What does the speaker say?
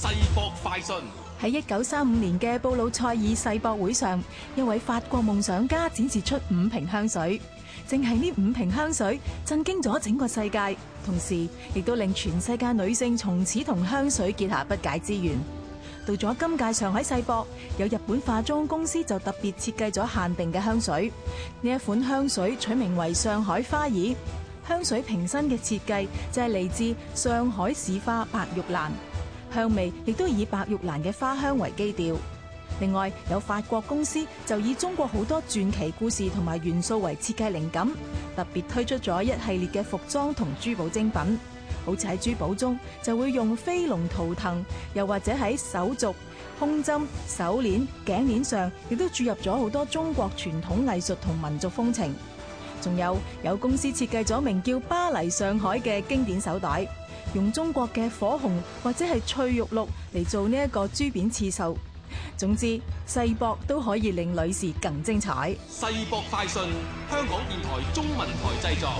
世博快訊，喺一九三五年嘅布魯塞爾世博會上，一位法國夢想家展示出五瓶香水，正係呢五瓶香水震驚咗整個世界，同時亦都令全世界女性從此同香水結下不解之緣。到咗今屆上海世博，有日本化妝公司就特別設計咗限定嘅香水。呢一款香水取名為上海花漪，香水瓶身嘅設計就係嚟自上海市花白玉蘭。香味亦都以白玉蘭嘅花香為基調。另外，有法國公司就以中國好多傳奇故事同埋元素為設計靈感，特別推出咗一系列嘅服裝同珠寶精品。好似喺珠寶中，就會用飛龍圖騰，又或者喺手鐲、胸針、手鏈、頸鏈上，亦都注入咗好多中國傳統藝術同民族風情還。仲有有公司設計咗名叫《巴黎上海》嘅經典手袋。用中國嘅火紅或者係翠玉綠嚟做呢一個珠扁刺繡，總之世博都可以令女士更精彩。世博快訊，香港電台中文台製作。